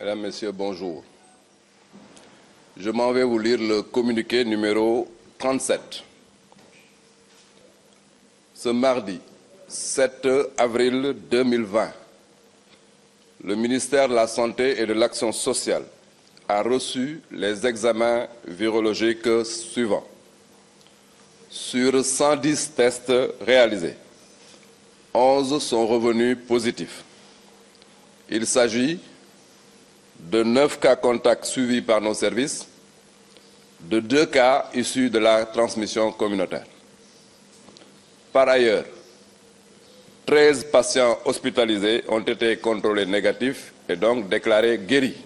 Mesdames, Messieurs, bonjour. Je m'en vais vous lire le communiqué numéro 37. Ce mardi 7 avril 2020, le ministère de la Santé et de l'Action sociale a reçu les examens virologiques suivants. Sur 110 tests réalisés, 11 sont revenus positifs. Il s'agit de 9 cas contacts suivis par nos services, de 2 cas issus de la transmission communautaire. Par ailleurs, 13 patients hospitalisés ont été contrôlés négatifs et donc déclarés guéris.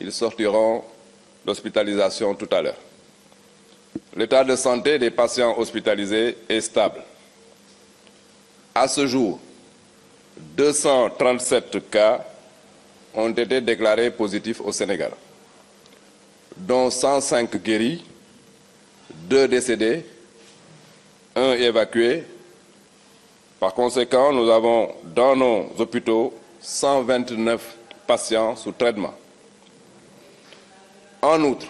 Ils sortiront d'hospitalisation tout à l'heure. L'état de santé des patients hospitalisés est stable. À ce jour, 237 cas ont été déclarés positifs au Sénégal, dont 105 guéris, 2 décédés, 1 évacué. Par conséquent, nous avons dans nos hôpitaux 129 patients sous traitement. En outre,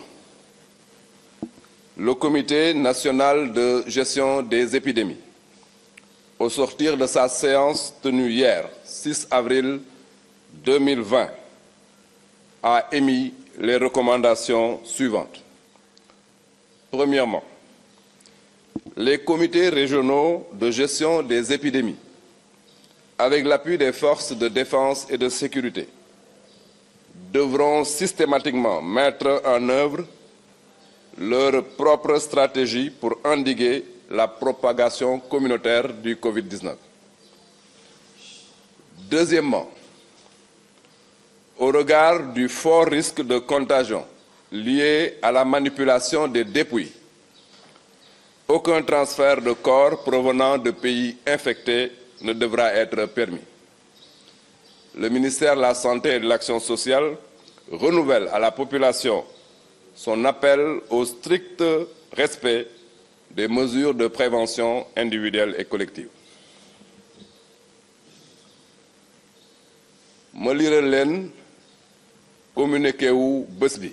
le Comité national de gestion des épidémies, au sortir de sa séance tenue hier, 6 avril 2020, a émis les recommandations suivantes. Premièrement, les comités régionaux de gestion des épidémies, avec l'appui des forces de défense et de sécurité, devront systématiquement mettre en œuvre leur propre stratégie pour endiguer la propagation communautaire du Covid-19. Deuxièmement, au regard du fort risque de contagion lié à la manipulation des dépouilles. Aucun transfert de corps provenant de pays infectés ne devra être permis. Le ministère de la Santé et de l'Action sociale renouvelle à la population son appel au strict respect des mesures de prévention individuelle et collective communiqué ou busbi.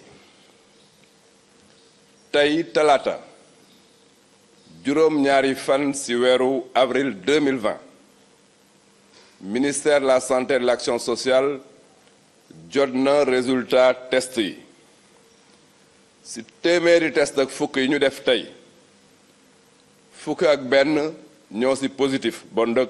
Taï Talata, Durom Nyari fan ci avril 2020 ministère de la santé et de l'action sociale jot résultat test Si ci test ak Fouke, yi ñu def tey fukk ak Ben, ci positif bon donc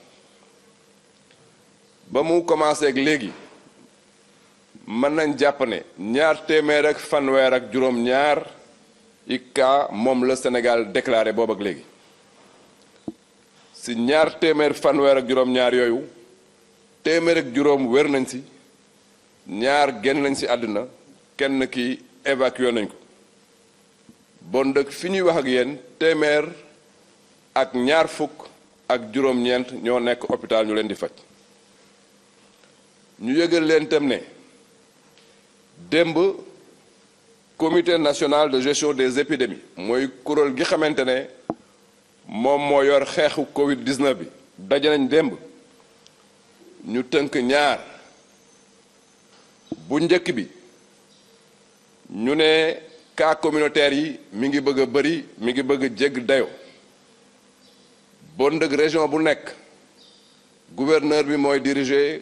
ba mu commencé ak léegi mën nañ jàpp ne ñaar téeméer ak fanweer ak juróom-ñaar i cas moom la Sénégal déclaré boobu ak léegi si ñaar téeméer fanweer ak juróom-ñaar yooyu téeméer ak juróom wér nañ si ñaar gen nañ si àdduna kenn ki évacué nañ ko bon dëkk fi ñuy wax ak yéen téeméer ak ñaar fukk ak juróom-ñeent ñoo nekk hôpital ñu leen di faj. ñu yëgal leen tam ne comité national de gestion des épidémies mooy kuréel gi xamante ne moom moo yor xeexu Covid 19 bi daje nañ démb ñu tënk ñaar bu njëkk bi ñu ne cas communautaire yi mi ngi bëgg a bëri mi ngi bëgg a dayo bon dëgg région bu nekk gouverneur bi mooy diriger.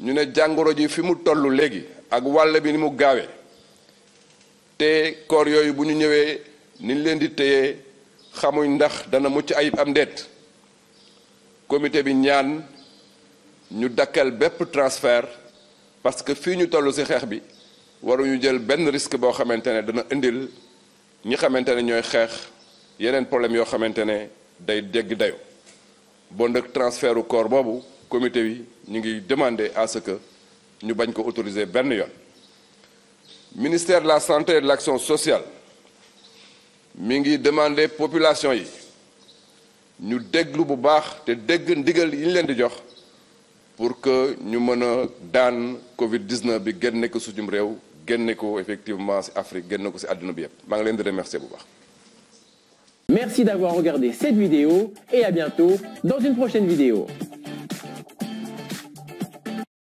ñu ne jàngoro ji fi mu tollu léegi ak wàll bi ni mu gaawee te koor yooyu bu ñu ñëwee niñ leen di téye xamuñ ndax dana mucc ayib am ndeet comité bi ñaan ñu dakkal bépp transfert parce que fii ñu toll ci xeex bi waruñu jël benn risque boo xamante ne dana indil ñi xamante ne ñooy xeex yeneen problème yoo xamante ne day dégg dayo bon nag transfertu koor boobu comité bi ñu ngi demander à ce que ñu bañ ko autoriser benn yoon ministère de la santé et de l'action sociale mi ngi demander population yi ñu déglu bu baax te dégg ndigal yi ñu leen di jox pour que ñu mën a daan Covid 19 bi génne ko suñum réew génne ko effectivement ci Afrique génne ko ci àdduna bi yëpp maa ngi leen di remercier bu baax. Merci d'avoir regardé cette vidéo et à bientôt dans une prochaine vidéo.